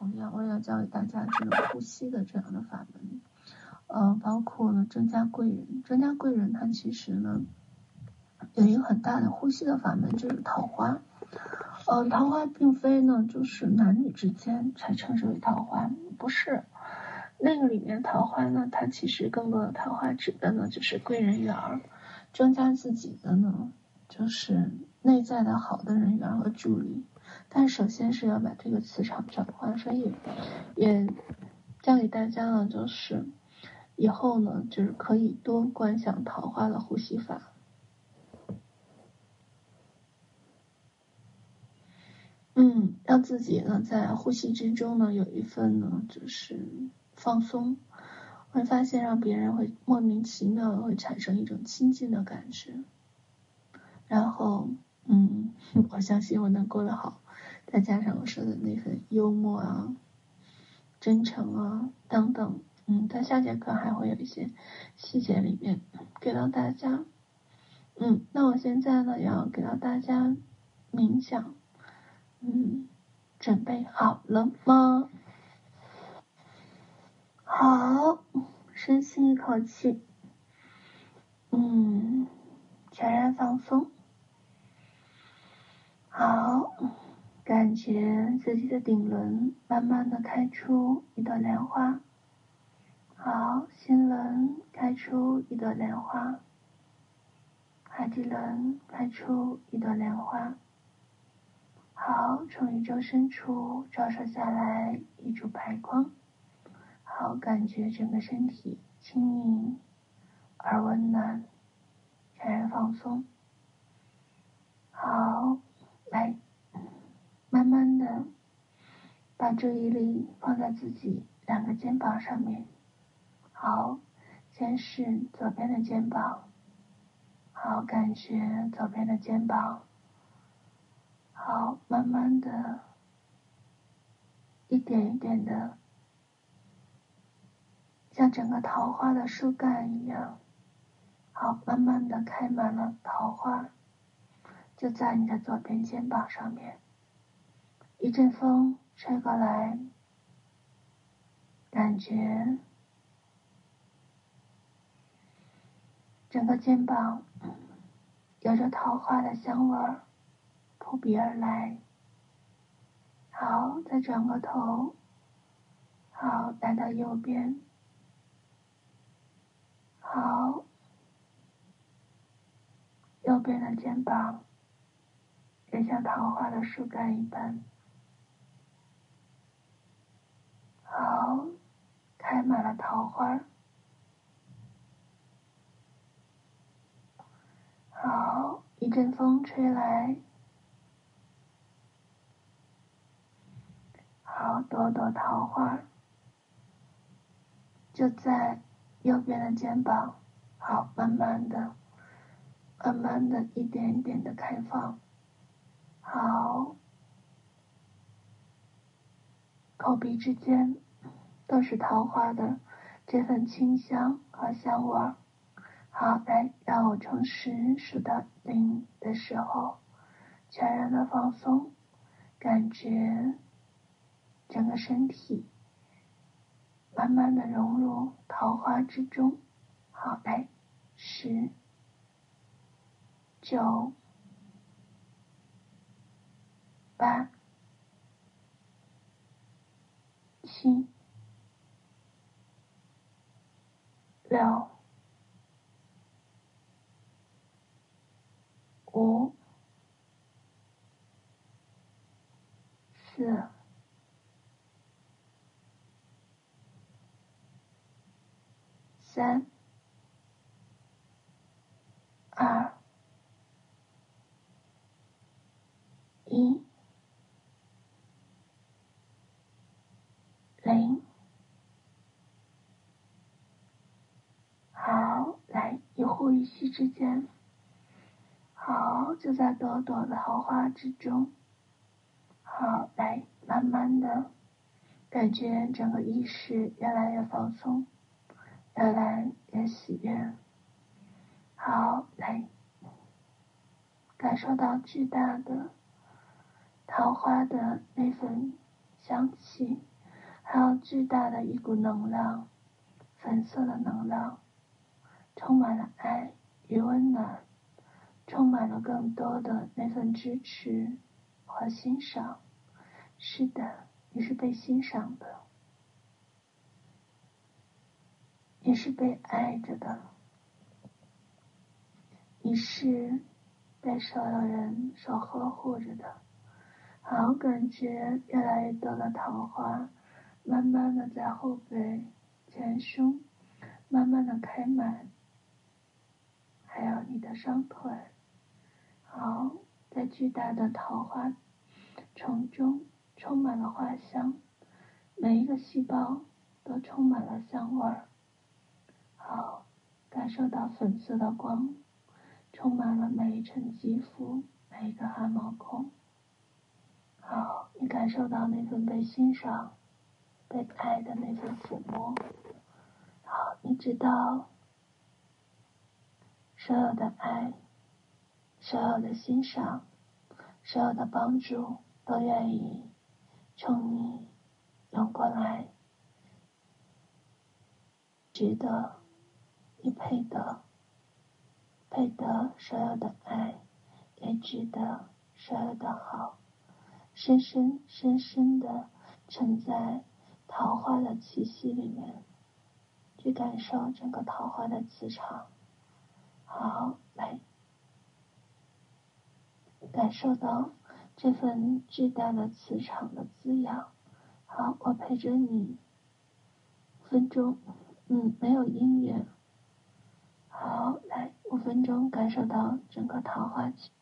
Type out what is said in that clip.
同樣，我也要教給大家這個呼吸的這樣的法門，呃，包括呢，增加貴人，增加貴人他其實呢有一個很大的呼吸的法門，就是桃花。嗯、呃，桃花並非呢就是男女之間才稱之為桃花，不是。那個裡面桃花呢，它其實更多的桃花指的呢就是貴人緣兒，增加自己的呢就是內在的好的人緣和助力。但首先是要把這個磁場轉化，所以也，也教給大家了，就是以後呢，就是可以多觀想桃花的呼吸法，嗯，讓自己呢在呼吸之中呢有一份呢就是放鬆，會發現讓別人會莫名其妙的會產生一種親近的感覺，然後嗯，我相信我能過得好。再加上我說的那份幽默啊、真誠啊等等，嗯，在下節課還會有一些細節裡面給到大家。嗯，那我現在呢要給到大家冥想。嗯，準備好了嗎？好，深吸一口氣。感覺自己的頂輪慢慢的開出一朵蓮花，好，心輪開出一朵蓮花，海底輪開出一朵蓮花，好，從宇宙深處照射下來一束白光，好，感覺整個身體輕盈而溫暖，全然放鬆，好。注意力放在自己兩個肩膀上面，好，先是左邊的肩膀，好，感覺左邊的肩膀，好，慢慢的一點一點的，像整個桃花的樹幹一樣，好，慢慢的開滿了桃花，就在你的左邊肩膀上面，一陣風。吹過來，感覺整個肩膀有着桃花的香味兒撲鼻而來。好，再轉個頭，好，來到右邊，好，右邊的肩膀也像桃花的樹幹一般。桃花，好一陣風吹來，好，朵朵桃花就在右邊的肩膀，好慢慢的、慢慢的一點一點的開放，好口鼻之間。都是桃花的這份清香和香味兒。好，來，讓我從十數到零的時候，全然的放鬆，感覺整個身體慢慢的融入桃花之中。好，來，十、九、八、七。六、五、四、三。呼吸之間，好，就在朵朵的桃花之中，好，來慢慢的，感覺整個意識越來越放鬆，越來越喜悅，好，來，感受到巨大的桃花的那份香氣，還有巨大的一股能量，粉色的能量。充滿了愛與溫暖，充滿了更多的那份支持和欣賞。是的，你是被欣賞的，你是被愛着的，你是被所有人所呵護着的。好，感覺越來越多的桃花，慢慢的在後背、前胸，慢慢的開滿。還有你的雙腿，好，在巨大的桃花叢中充滿了花香，每一個細胞都充滿了香味兒。好，感受到粉色的光，充滿了每一層肌膚，每一個汗毛孔。好，你感受到那份被欣賞、被愛的那份撫摸。好，一直到。所有的愛，所有的欣賞，所有的幫助，都願意衝你湧過來。值得，你配得，配得所有的愛，也值得所有的好。深深深深的沉在桃花的氣息裡面，去感受整個桃花的磁場。好，來感受到這份巨大的磁場的滋養。好，我陪着你五分鐘。嗯，沒有音樂。好，來五分鐘，感受到整個桃花期。